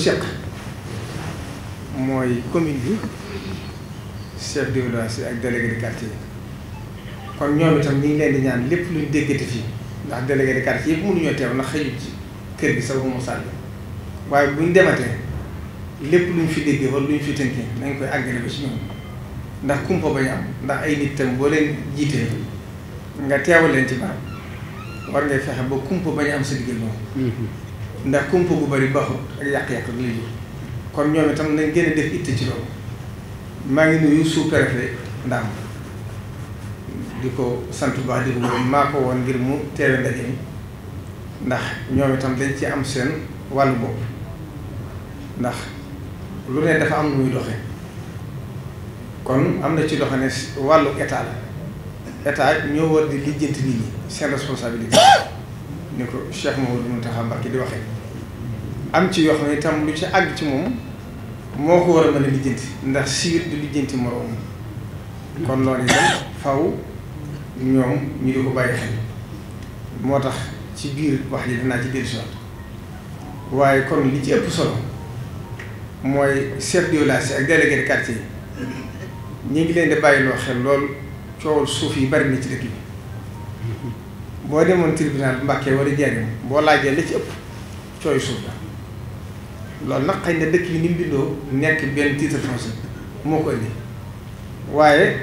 seq mooy commune bi chef de village yi ak délégué quartier kon ñoom itam ñu ngi leen di ñaan lépp luñ déggati fii ndax délégué de quartier yëpp ñoo teew ndax xëyut ci kër gi sax ba mu sànni waaye buñ dematee lépp luñ fi déggee wala luñ fi tënkee nañ koy àggale ba ci ñoom ndax kumpa bañ am ndax ay nit tam boo leen jiitee nga teewal leen ci barab war ngay fexe ba kumpa bañ am sa diggante moom. Mm-hmm. ndax kumpa gu bari baaxut ak yàq-yàq ak kon ñoom itam na gën a def itte ci loolu maa ngi nuyu sous-préfet Ndam di ko sant baax di ko maa ko woon ngir mu teewe ndaje ndax ñoom itam dañ ci am seen wàllu bopp ndax lu ne dafa am nu muy doxe kon am na ci doxe ne wàllu état la ñoo war di lijjanti nit ñi seen responsabilité ni ko Cheikh Mamadou Mountakha Mbacké di waxee am ci yoo xam ne lu ci àgg ci moom moo ko war a mën a lijjanti ndax siir du lijjanti moroom kon loolu itam faw ñoom ñu di ko bàyyi xel moo tax ci biir wax ji dinaa ci biir sot waaye kon li ci ëpp solo mooy chef de village ak délégué de quartier yi ñu ngi leen di bàyyiloo xel lool coowul suuf yi bari na ci dëkk boo demoon tribunal bu Mbàkke war a jaaree boo laajee la ci ëpp cooy suuf la loolu nag xëy na dëkk yi ni mu bindoo nekk benn titre foncier moo ko indi waaye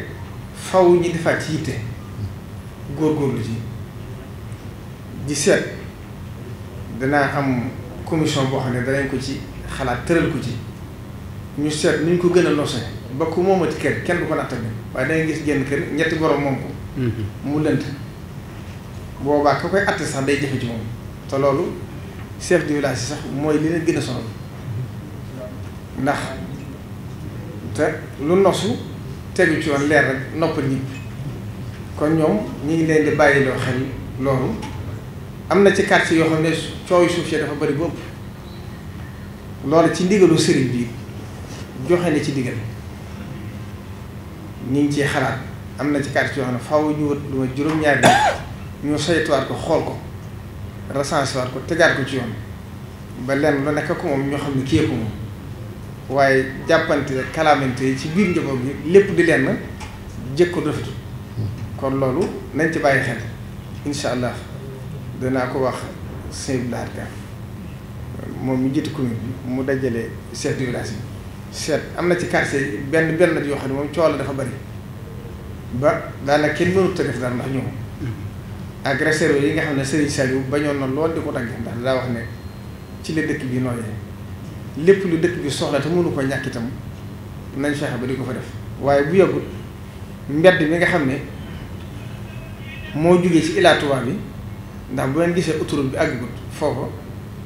faw ñi defaat ci yitte góorlu ci ji seet danaa am commission boo xam ne danañ ko ci xalaat tëral ko ci ñu seet nu ñu ko gën a noose ba ku moomati kër kenn du ko natt tamit waaye dangay gis genn kër ñetti borom moom ko mm-hmm. mu lënt boobaa ko koy atte sax day jafe ci moom te loolu chef du village sax mooy li gën a sonal ndax te lu nosu tegu ci woon leer rek noppal nit kon ñoom ñu ngi leen di bàyyi loo xel loolu am na ci quartier yoo xam ne coow suuf si dafa bari bu loolu ci ndigalu sëriñ bi joxe na ci ndigal ñu ngi ciy xalaat am na ci quartier yoo xam ne faaw ñu wut lu ma juróom-ñaari ñu saytuwaat ko xool ko recensé waat ko tegaat ko ci yoon ba lenn lu nekk ko moom ñoo xam ne kii ko moom waaye jàppante kalaamante yi ci biir njaboot bi lépp di lenn jëkko dofatu kon loolu nañ ci bàyyi xel incha allah danaa ko wax sëñ moom mu jiite commune mu dajale seet de village yi seet am na ci quartier yi benn benn yoo xam ne moom coow la dafa bari ba daanaka kenn mënut a def daal ndax ñoom ak réserve yi nga xam ne Serigne Saliou bañoon na lool di ko tàggee ndax daa wax ne ci la dëkk bi nooyee lépp lu dëkk bi soxla te mënu ko ñàkk itam nañ fexe ba di ko fa def waaye bu yàggul mbedd mi nga xam ne moo jugee ci Ila Touba bi ndax bu leen gisee autoroute bi àggut foofu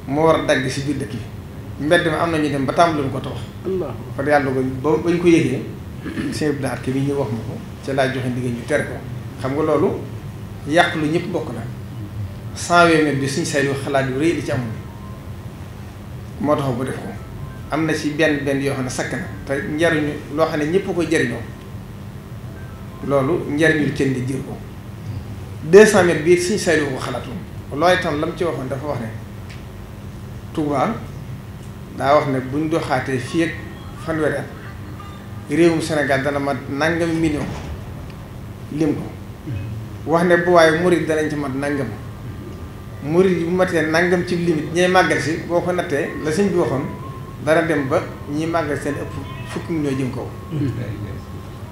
moo war dagg si biir dëkk yi mbedd mi am na ñu dem ba tàmbali ko tax. waaw kon yàlla ko ba bañ ko yëgee sëñ Abdou ki bi ñuy wax ma ko ca laa joxe ndigal ñu tere ko xam nga loolu. yàq lu ñëpp bokk na cent vingt mètres bi suñ say xalaat yu rëy li ci amul moo tax bu def ko am na ci benn benn yoo xam ne sakk na te njariñu loo xam ne ñëpp ko jëriñoo loolu njariñul kenn di jër ko deux cent mètres bi suñ say lu ko xalaatul loolu itam la mu ci waxoon dafa wax ne Touba daa wax ne buñ doxaatee fii ak fanweeri at réewum Sénégal dana mat nangam million lim ko wax ne bu waaye murit danañ ci mat nangam murit yi bu matee nangam ci limite ñay màggal si boo ko nattee la sëñ bi waxoon dara dem ba ñi màggal seen ëpp fukki ñoo jëm kaw.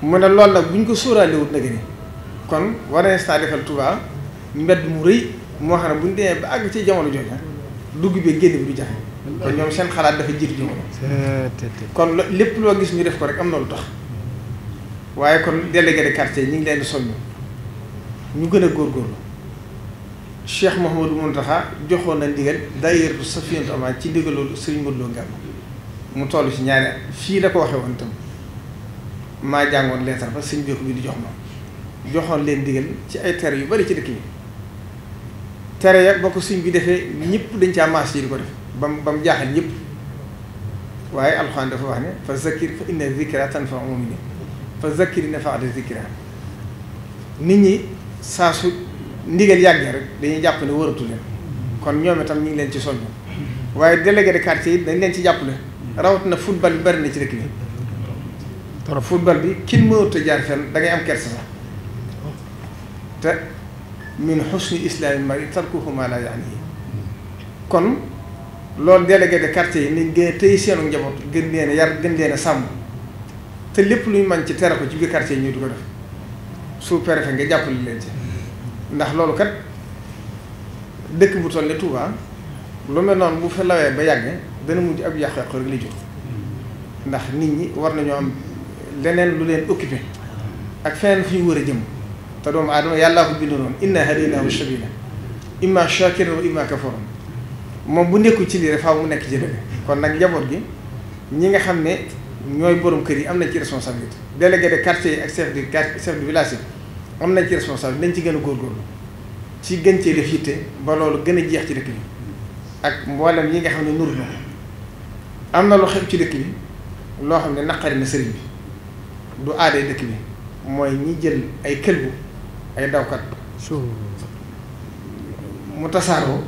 mu ne lool nag bu ñu ko sóoraale wut nag ni kon war nañ saa defal Tuubaa mbedd mu rëy moo xam ne bu ñu demee ba àgg ci jamono jooja dugg bi génn bi du jafe. kon ñoom seen xalaat dafa jiitu jamono. kon lépp loo gis ñu def ko rek am na lu tax waaye kon délégué de quartier ñi ngi leen di soññu ñu gën a góor góorgóorlu Cheikh Mouhamadou Mountakha joxoon na ndigal daayiratu Safinatoul Amaan ci ndigalul Serigne Modou loo Ngalla mu toll ci ñaari fii la ko waxee woon itam maa jàngoon leetar ba sëñ Jokk bi di jox ma joxoon leen ndigal ci ay tere yu bari ci dëkk yi tere ya boo ko sëñ bi defee ñëpp dañ caa maas yi di ko def ba mu ba mu jaaxal ñëpp waaye alxuraan dafa wax ne fa zakkir fa inna zikra tanfa'u mu'minin fa zakkir nafaati zikra nit ñi. saa su ndigal yàggee rek dañuy jàpp ne wëratu leen kon ñoom itam ñu ngi leen ci soññ waaye délégué de quartier yi dañ leen ci jàppale rawatina football bi bari na ci dëkk bi trop bi kin mënut a jaar am kersa sax te min xusni islaami mari tarkuhu ma yaani kon loolu délégué de quartier yi ni gën a tëye seenu njaboot gën leen yar gën leen sàmm te lépp luñ mën ci tere ko ci biir quartier yi ñu di ko def sous-préfet nga jàppale leen ci ndax loolu kat dëkk bu toll ni Touba lu mel noonu bu fa lawee ba yàgg dana mujj ab yàq-yàq rek ndax nit ñi war nañoo am leneen lu leen occupé ak feneen fu war a jëm te doomu aadama yàllaa ko bind noonu inna hadaynaahu sabila imma shakiran wa imma kafuran moom bu nekkul ci lii rek faaw mu nekk ci dëgg kon nag njaboot gi ñi nga xam ne ñooy borom kër yi am nañ ci responsabilité délégué de quartier yi ak chef de quartier chef de village yi am nañ ci responsabilité dañ ci gën a góorgóorlu ci gën cee def yitte ba loolu gën a jeex ci dëkk bi ak mboolem yi nga xam ne nuru na am na lu xew ci dëkk bi loo xam ne naqari na sëriñ bi du aadee dëkk bi mooy ñi jël ay këlbu ay dawkat mu tasaaroo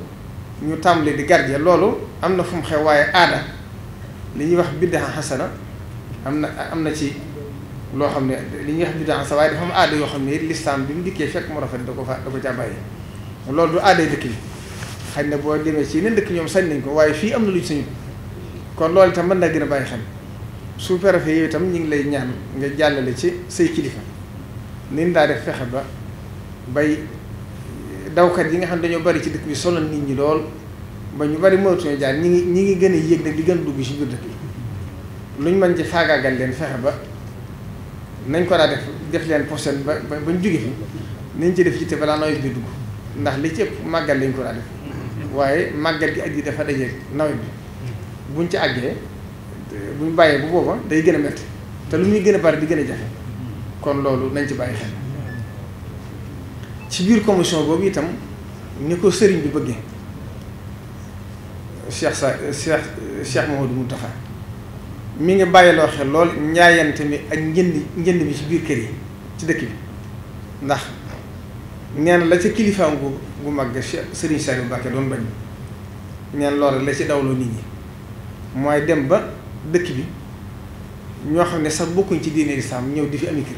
ñu tàmbali di gardien loolu am na fu mu xew waaye aada li ñuy wax biddaa xasana am na am na ci loo xam ne li ñuy wax bidaa sa waaye dafa am aada yoo xam ne lislaam bi mu dikkee fekk mu rafet da ko fa da ko bàyyi loolu du aaday dëkk bi xëy na boo demee ci yeneen dëkk ñoom sañ nañ ko waaye fii am na lu ñu sañu kon loolu itam mën naa gën a bàyyi xel sous-préfet yooyu itam ñu ngi lay ñaan nga jàllale ci say kilifa nin daa def fexe ba bay dawkat yi nga xam ne dañoo bari ci dëkk bi nit ñi lool ba ñu bari mënatuñoo jaar ñi ngi ñi ngi gën a yéeg nag di gën a dugg ci biir dëkk bi luñ mën ci faagaagal leen fexe ba nañ ko daa def def leen prochaine ba ba bañ jóge fi nañ ci def yitte balaa nawet bi dugg ndax li ci ëpp màggal lañ ko daa def waaye màggal gi ak yi dafa dajeeg nawet bi buñ ci àggee buñ bàyyee bu booba day gën a métti te lu muy gën a bari di gën a jafe kon loolu nañ ci bàyyi xel ci biir commission boobu itam ni ko sëriñ bi bëggee Cheikh sa Cheikh Cheikh Mamadou Moustapha mi ngi bàyyiloo xel lool njaayante mi ak njënd njënd mi ci biir kër yi ci dëkk bi ndax nee la ca kilifaam gu gu mag sëriñ Saliou Mbacké doon bañ neen loolu la ci dawloo nit ñi mooy dem ba dëkk bi ñoo xam ne sax bokkuñ ci diine lislaam ñëw di fi ami kër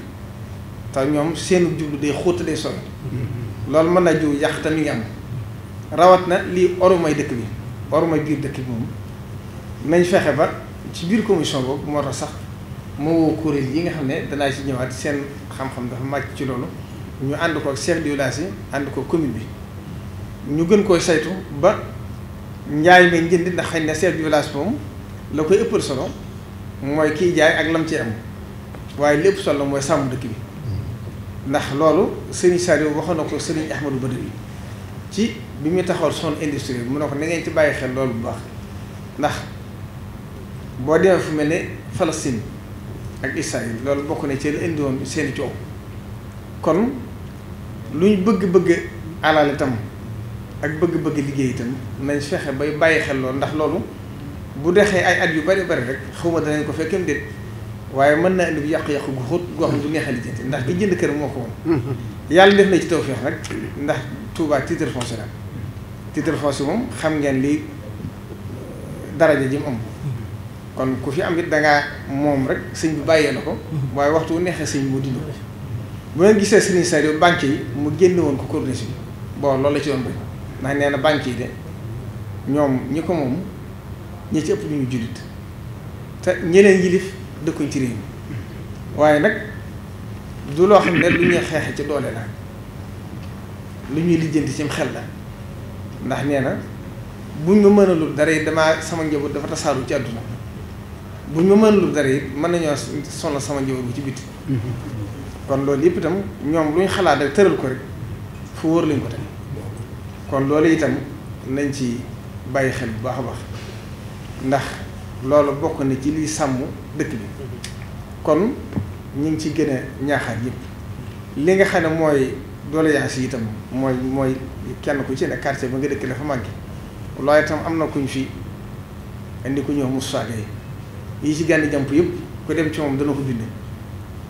te ñoom seenu jublu day xóot day sori loolu mën na jiw yàq te mi ngi am rawat na lii orumay dëkk bi orumay biir dëkk bi moom nañ fexe ba ci biir commission boobu moo tax sax moo woo kuréel yi nga xam ne danaa ci ñëwaat seen xam-xam dafa màcc ci loolu ñu ànd ko ak chef de yi ànd ko commune bi ñu gën koy saytu ba njaay ma njënd ndax xañ na chef de moom la koy ëppal solo mooy kiy jaay ak lam ci waaye lépp solo mooy sàmm dëkk bi ndax loolu Serigne Saliou waxoon na ko Serigne Ahmadou Badara ci bi muy taxawal son industrie mun ne ko na ngeen ci bàyyi xel loolu bu baax ndax boo demee fu mel ne Palestine ak Israël loolu bokk na ci li indi seeni coow kon lu ñu bëgg-bëgg alal itam ak bëgg-bëgg liggéey itam nañ fexe bay bàyyi xel loolu ndax loolu bu dexee ay at yu bari bari rek xawma danañ ko fekkeem déet waaye mën na indi bu yàqu-yàqu gu xóot goo xam du neex a ndax ki jënd kër moo ko woon mm-hmm. yàlla def na ci feex nag ndax Touba titre foncier la titre foncier moom xam ngeen li daraja ji mu kon ku fi am it dangaa moom rek sëñ bu bàyyee na ko mm-hmm. waaye waxtu neexee sëñ moo dindi ko bu ngeen gisee sëriñ Sadio banque yi mu génne woon ko corniche bi bon loolu la ci doon bëri ndax nee na banque yi de ñoom ñi ko moom ñi ci ëpp ñu ñu jullit te ñeneen yilif dëkkuñ ci réew mi waaye nag du loo xam ne lu ñuy xeexe ci doole la lu ñuy lijjanti cim xel la ndax nee na buñ ma mënalul dara yi damaa sama njaboot dafa tasaaru ci àdduna bu ñu mënul dara it mën nañoo sonal sama njaboot bu ci biti mm-hmm. kon loolu yëpp itam ñoom luñ ñu xalaat rek tëral ko rek fu wóor lañ ko tamit kon loolu itam nañ ci bàyyi xel bu baax a baax ndax loolu bokk na ci liy sàmm dëkk bi kon ñu ngi ci gën a ñaaxaat yëpp li nga xam ne mooy doléance yi itam mooy mooy kenn ku ci ne quartier ba nga dëkk dafa màgg loolu itam am na kuñ fi indi ku ñëw Moussa yi ci gànn jàmp yëpp ku dem ci moom dana ko bind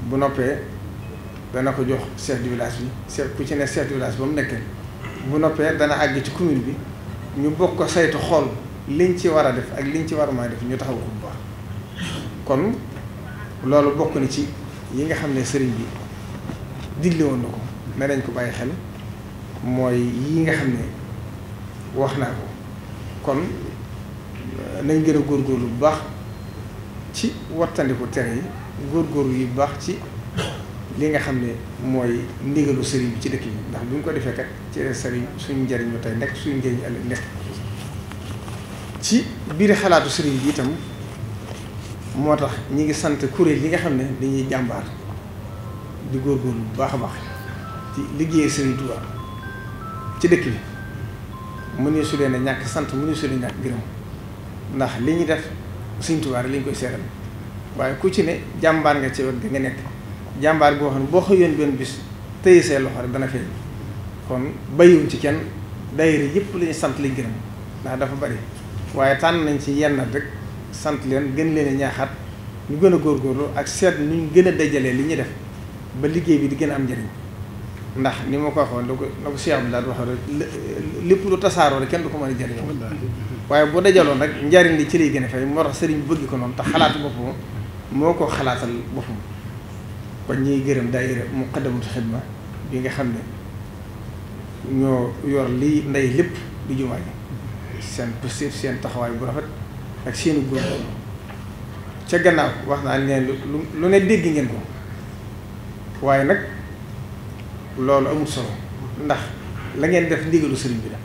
bu noppee dana ko jox chef de village bi chef ku ci ne chef de ba mu nekkee bu noppee dana àgg ci commune bi ñu bokk ko saytu xool liñ ci war a def ak liñ ci war a mën def ñu taxaw ko bu baax kon loolu bokk na ci yi nga xam ne sëriñ bi digle woon na ko ne dañ ko bàyyi xel mooy yi nga xam ne wax naa ko kon nañ gën a góorgóorlu bu baax ci wattandiku tere yi góor góor yu baax ci li nga xam ne mooy ndigalu sëriñ bi ci dëkk yi ndax bu ñu ko defee kat ci sëriñ suñu njëriñu tey nekk suñu njëriñu ëllëg nekk ci biir xalaatu sëriñ bi itam moo tax ñu ngi sant kuréel yi nga xam ne dañuy jàmbaar di góor bu baax a baax ci liggéey sëriñ Tuubaa ci dëkk bi mu ne su leen ñàkk sant mu ne su leen a ndax li ñu def Sëñ Tuubaa lañ koy seetal waaye ku ci ne jàmbaar nga ci wet ga nga nekk jàmbaar goo xam ne boo xëyoon benn bis tëye see loxo rek dana feeñ kon bayuñ ci kenn daayira yëpp lañu sant lañ gërëm dafa bari waaye tànn nañ ci yenn rek sant leen gën leen ñaaxaat ñu gën a góorgóorlu ak seet ñu gën a dajalee li ñuy def ba liggéey bi di gën a am njëriñ ndax ni ma ko waxoon la ko la ko Cheikh Abdoulaye waxee lépp lu tasaaroo rek kenn du ko mën a jëriñoo waaye boo dajaloon rek njariñ li ci lay gën a fay moo tax sëriñ bi bëgg ko noonu te xalaatu boppam moo ko xalaatal boppam kon ñiy gërëm daayira Muqaddamatul Xidma bi nga xam ne ñoo yor li ndey lépp di jumaa ji seen positif seen taxawaay bu rafet ak seenu góor ca gannaaw wax naa leen lu lu ne dégg ngeen ko waaye nag loolu amul solo ndax la ngeen def ndigalu sëriñ bi la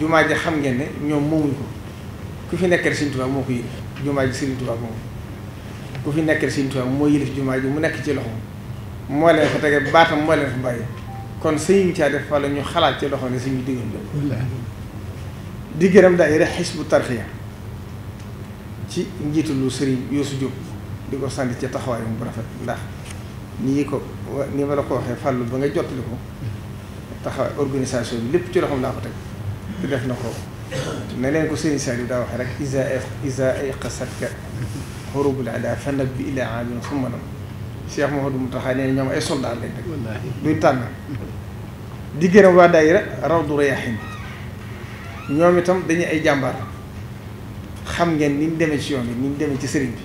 jumaa ji xam ngeen ne ñoom moomuñ ko ku fi nekkal Sëriñ Tuubaa moo ko yilif jumaa ji Sëriñ Tuubaa moom ku fi nekkal Sëriñ Tuubaa moo yilif jumaa ji mu nekk ci loxoom moo leen fa tege baatam moo leen fa bàyyi kon sëñ caa def wala ñu xalaat ci loxo ne suñu diggan la di gërëm daayira Hizbu Tarxiya ci njiitu lu sëriñ Youssou Diop di ko sant ci taxawaayam bu rafet ndax nii ko ni ma ko waxee fàllu ba nga jottali ko taxawaay organisation bi lépp ci loxoom laa ko teg te def na ko ne leen ko sëriñ yi daa waxee rek isa isa ayqasatka xurubul ada fa nabbi ila amin summa nam Cheikh Mouhamadou Mountakha nee ñoom ay soldat lañ rek duñ tànn di gërëm waa Rawdu Rayaahiin itam dañuy ay jàmbaar xam ngeen ni mu demee ci yoon bi ni demee ci sëriñ bi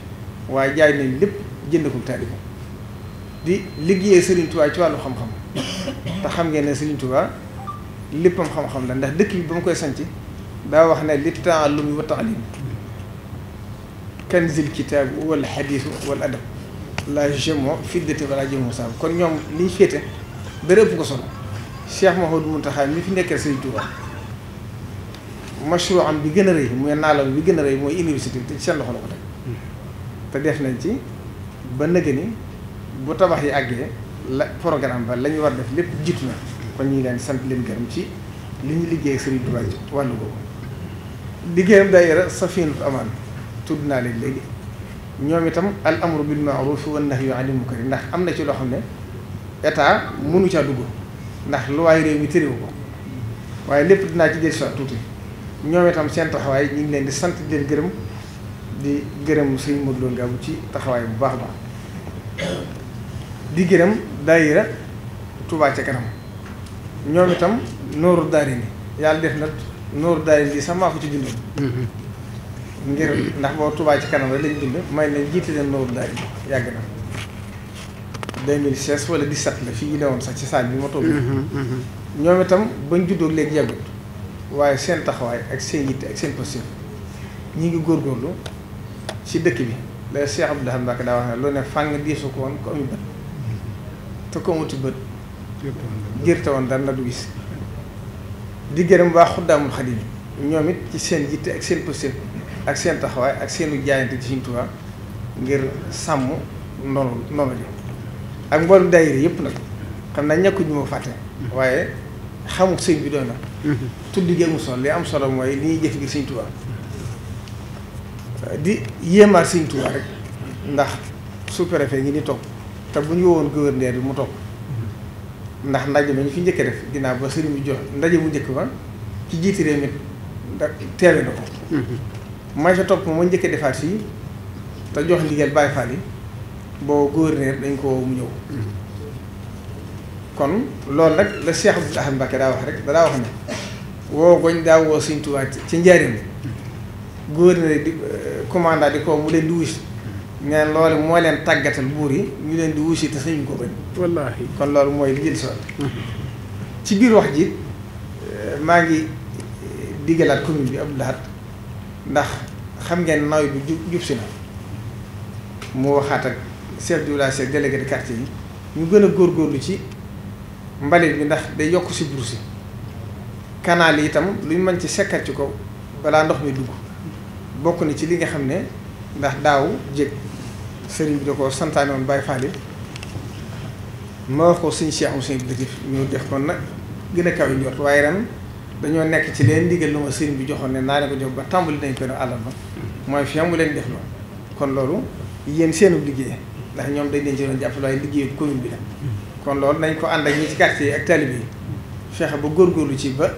waaye jaay nañ lépp jënd ko taalibe di liggéeyee sëriñ Tuubaa ci wàllu xam-xam te xam ngeen ne sëriñ Tuubaa léppam xam-xam la ndax dëkk bi ba mu koy sanc daa wax ne li taallum wa taalim kanzil kitaab wala xadiis wala adab la jemo fiddati wala jemo saab kon ñoom liñ féete dara ëpp ko solo Cheikh Mouhamadou Mountakha mi fi nekkee Sëriñ Tuubaa mashru am bi gën a rëy mooy naalam bi gën a rëy mooy université te seen loxo ko def nañ ci ba nëgë bu tabax yi àggee la programme ba la ñu war def lépp jiitu na ñu ngi leen leen gërëm ci li ñu liggéey ak Serigne Touba wàllu boobu liggéeyam sa safinatu amaan tudd naa leen léegi ñoom itam al amru bil maaruf wa nahyu anil munkar ndax am na ci loo xam ne état mënu caa dugg ndax lu waaye réew mi téréwu ko waaye lépp dinaa ci jël sa tuuti ñoom itam seen taxawaay ñu ngi leen di sant di leen gërëm di gërëm sëñ Modou Lo Ngabou ci taxawaay bu baax a di gërëm daayira Touba ca kanam ñoom itam nooru daari yàlla def na nooru daal di sax maa ko ci bind. Mhm. ngir ndax boo Touba ci kanam rek lañ bind may nañ jiite leen Noor daal yàgg na. 2016 wala 17 la fii ne woon sax ci saal bi ma toog. Mhm, mhm. ñoom itam bañ juddoo léegi yàggut waaye seen taxawaay ak seen yitte ak seen posture ñi ngi góorgóorlu ci dëkk bi la Cheikh Abdoulaye Mbacke daa wax ne lu ne fàng diisu ko woon ko amul bët te ko amati bët. jërte woon dara la du gis. di gërëm waa Xuddaamu Xadim ñoom it ci seen yitte ak seen posté ak seen taxawaay ak seenu jaayante ci Sëriñ Tuubaa ngir sàmm noonu noonu ji ak mboolem daayira yëpp nag xam naa ñàkk ñu ma fàtte waaye xamul sëñ bi doy na tudd gi amul solo li am solo mooy li ñuy jëf ngir Sëriñ Tuubaa di yéemaat Sëriñ Tuubaa rek ndax sous ngi ni toog te bu ñu wowoon gouverneur bi mu toog ndax ndaje ma ñu fi njëkk def ginnaaw ba sëriñ bi jox ndaje bu njëkk ba ci jiiti réew mi teewe na ko mm-hmm. may sa topp ma njëkk defaat fii te jox ndigal Baye Fall yi boo gouverneur dañ ko mu ñëw mm-hmm. kon loolu nag la Cheikh Abdoul Ahad Mbacké daa wax rek daa wax ne woo goñ daa woo Sëriñ Tuubaa ci njaarim mm-hmm. gouverneur di euh, commandant di ko mu leen di wis neen loolu moo leen tàggatal buur yi ñu leen di wuusi te sañuñ ko bañ wallaahi kon loolu mooy li jël sol ci biir wax ji euh, maa ngi euh, diggalaat commune bi Abdou Lahad ndax xam ngeen naw bi jub jub si na mu waxaat ak chef de village ak quartier yi ñu gën a góorlu ci mbalit bi ndax day yokk si bourse kanaal yi itam luñ mën ci sekkat ci ko balaa ndox mi dugg bokk na ci li nga xam ne ndax daaw jég sëriñ bi da ko santaane woon Baye ma wax ko suñu Cheikh Moussa Diouf ñu def kon nag gën a kaw waaye ren dañoo nekk ci leen ndigal lu ma sëriñ bi joxoon ne naa leen ko jox ba tàmbali nañ ko ne àll mooy fi mu leen def loolu kon loolu yéen seenu liggéey ndax ñoom dañ leen ci doon jàppale waaye bi kon loolu nañ ko ànd ak ñi ci quartier yi ak talib yi fexe ba góorgóorlu ci ba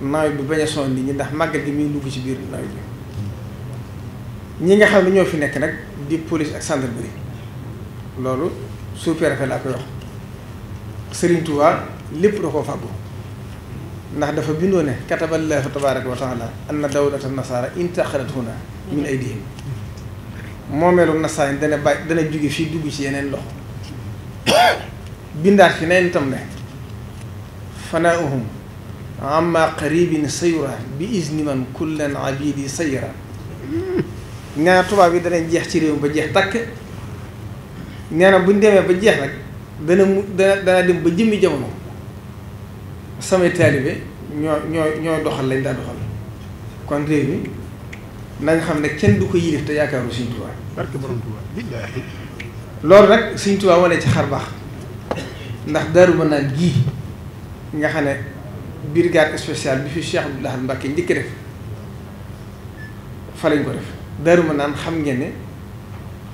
nawet bi bañ soon sonn nit ñi ndax màggal gi muy dugg ci biir nawet bi. ñi nga xam ne ñoo fi nekk nag di police ak gendarmerie loolu sous-préfet laa koy wax Serigne lépp da ko fàggu ndax dafa bindoo ne kataballaahu tabaaraka wa taala anna dawlata nasaara intaqalat huna min aydihim moomeelu nasaraan dana bàyyi dana jóge fii dugg ci yeneen loxo bindaat fi neen itam ne fanaauhum amma qaribin sayura bi izni man kullan abidi sayira nee tubaab yi danañ jeex ci réew mi ba jeex takk nee na buñ demee ba jeex nag dana mu dana dana dem ba jëmmi jamono samay taalibe ñoo ñoo ñoo doxal lañ daa doxal kon réew mi nanga xam ne kenn du ko yilif te yaakaaru Sëñ Tuubaa barke borom Tuubaa billaahi loolu nag siñ Tuubaa wane ci xar baax ndax Daaru Manaan gii nga xam ne brigade spéciale bi fi Cheikh Abdoul Ahad Mbacké njëkk def fa lañ ko def Daaru naan xam ngeen ne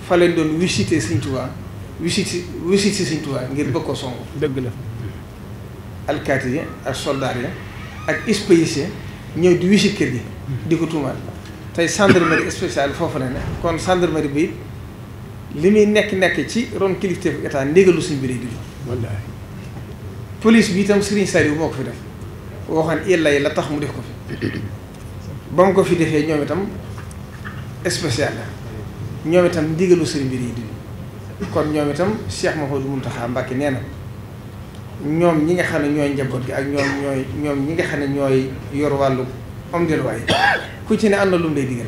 fa lañ doon visité Sëñ Tuubaa visité visité Sëñ ngir bëgg ko songu. dëgg la. alkaati yi ak soldaar ya ak spécier ñëw di visite kër gi. di ko tuumaal tey gendarmerie spéciale foofu la ne kon gendarmerie bi li muy nekk nekk ci ron kilifteefu état ndégalu suñ bi lay dund. wallaahi. police bi itam Serigne Saliou moo ko fi def waxoon illa yi la tax mu def ko fi ba mu ko fi defee ñoom itam. spécial la ñoom itam ndigalu sëriñ bi yi di kon ñoom itam Cheikh Mouhamadou Mountakha Mbacké nee na ñoom ñi nga xam ne ñooy njaboot gi ak ñoom ñooy ñoom ñi nga xam ne ñooy yor wàllu am delluwaay ku ci ne am na lu mu lay digal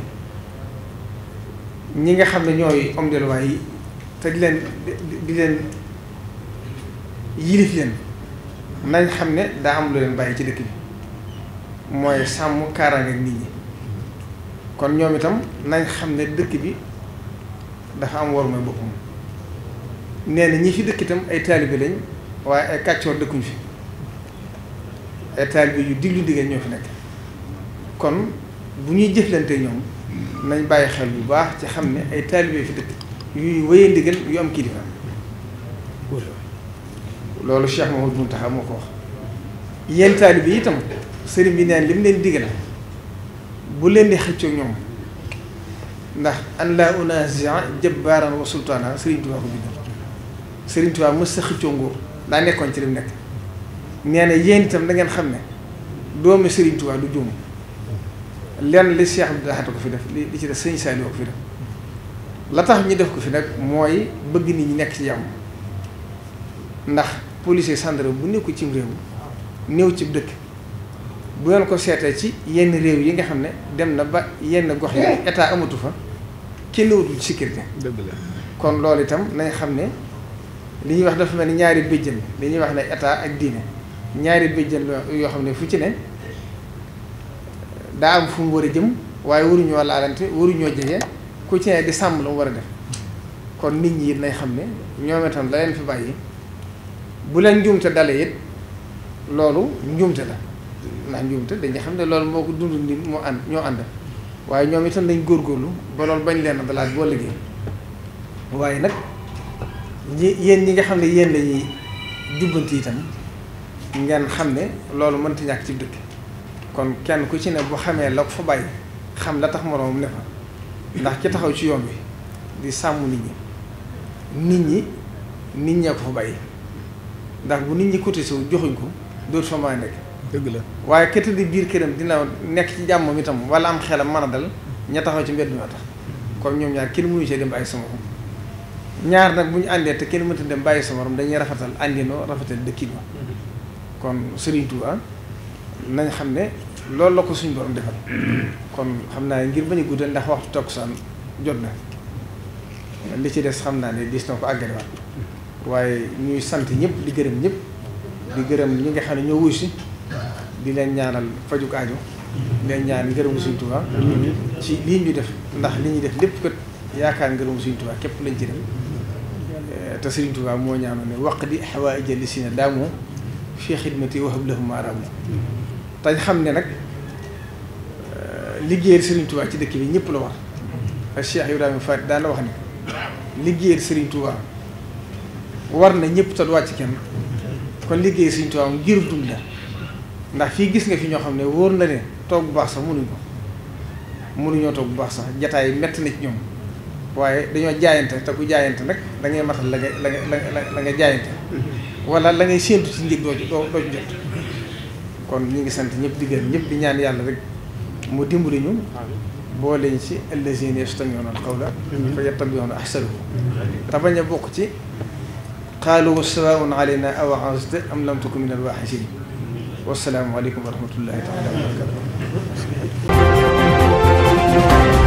ñi nga xam ne ñooy am yi te di leen di leen yilif leen nañ xam ne daa am lu leen bàyyi ci dëkk bi mooy sàmm kaaraange ak nit ñi. kon ñoom itam nañ xam ne dëkk bi dafa am war mooy boppam nee na fi dëkk itam ay taalibe lañ waaye ay kàccoor dëkkuñ fi ay taalibe yu diglu diggéen ñoo fi nekk kon bu ñuy jëflante ñoom nañ bàyyi xel bu baax ci xam ne ay taalibe fi dëkk yuy wéye ndigal yu am kilifa loolu Cheikh Mouhamadou tax moo ko wax yéen taalibe itam sëriñ bi neen li mu leen digal bu leen di xëccoo ñoom ndax an la unazia jabbaaran wa sultaana Serigne Touba ko bindoon Serigne Touba mës xëccoo nguur daa nekkoon ci li mu nekk nee na yéen itam da ngeen xam ne doomu Serigne Touba du juum lenn li Cheikh Abdou Lahad ko fi def li ci def Serigne Saliou ko fi def la tax ñu def ko fi nag mooy bëgg nit ñi nekk ci jàmm ndax policier gendarme bu nekk cim réew néew cib dëkk bu ngeen ko seetee ci yenn réew yi nga xam ne dem na ba yenn gox yi eh. état amatu fa kenn wutul sécurité. dëgg la kon loolu itam nañ xam ne li ñuy wax dafa mel ni ñaari béjjën li ñuy wax ne état ak diine ñaari béjjën yoo xam ne fu ci ne daa am fu mu war a jëm waaye waruñoo laalante waruñoo jege ku ci ne di sàmm lu mu war a def kon nit ñi it nañ xam ne ñoom itam la leen fi bàyyi bu leen njuumte dale it loolu njuumte la. ndax njuumte dañuy xam ne loolu moo ko dund nit moo ànd ñoo ànd waaye ñoom itam dañ góorgóorlu ba loolu bañ leen dalaat boo liggéey waaye nag ñi yéen ñi nga xam ne yéen lañuy jubbanti itam ngeen xam ne loolu mënta ñàkk ci dëkk kon kenn ku ci ne bu xamee la ko fa bàyyi xam la tax moroomam ne fa ndax ci taxaw ci yoon bi di sàmm nit ñi nit ñi nit ñee ko fa bàyyi ndax bu nit ñi cotisé wu joxuñ ko dootu fa maa nekk dëgg la waaye kete di biir këram dina nekk ci jàmmam itam wala am xelam mën a dal ña ci mbedd ñoo tax kon ñoom ñaar kenn mënu dem bàyyi sama ñaar nag bu ñu àndee te kenn mënta dem bàyyi sama morom dañuy rafetal àndinoo rafetal dëkkin wa kon Serigne Touba nañ xam ne loolu la ko suñu borom defal kon xam naa ngir bañ a guddal ndax waxtu takkusaan jot na li ci des xam naa ne dis na ko àggale waaye ñuy sant ñëpp di gërëm ñëpp di gërëm ñi nga xam ne ñoo wuy si di leen ñaanal fajuk aajo leen ñaan ngërëmu Sëriñ ci lii ñu def ndax li ñuy def lépp kat yaakaar ngërëmu Sëriñ képp lañ ci def te Sëriñ moo ñaanoon ne waq di xawaaija li si ne daamoo fii xidmati wahab lahum maaraamu tañ xam ne nag eh, liggéeyal Sëriñ ci dëkk bi ñëpp la war ak Cheikh Ibrahima Faat daal wax ne liggéeyal Sëriñ war na ñëpp te du wàcc kenn kon liggéeyal Sëriñ Tuubaa ngir la ndax fii gis nga fi ñoo xam ne wóor na ne toog bu baax sax mënuñ ko toog bu baax sax jataay metti na ci ñoom waaye dañoo jaayante te ku jaayante nag da ngay matal la nga la nga la nga jaayante wala la ngay séentu ci njëg doo doo doo ci jot kon ñu ngi sant ñëpp di gërëm ñëpp di ñaan yàlla rek mu dimbali ñu boo leen ci allazina yastami'una la qawla fa yattabi'una ahsanahu te bañ a bokk ci qaalu sawa'un alayna aw a'azta am lam takun min al-waahidin wassalaamu aleykum wa rahmatullahi taala wa barakatuh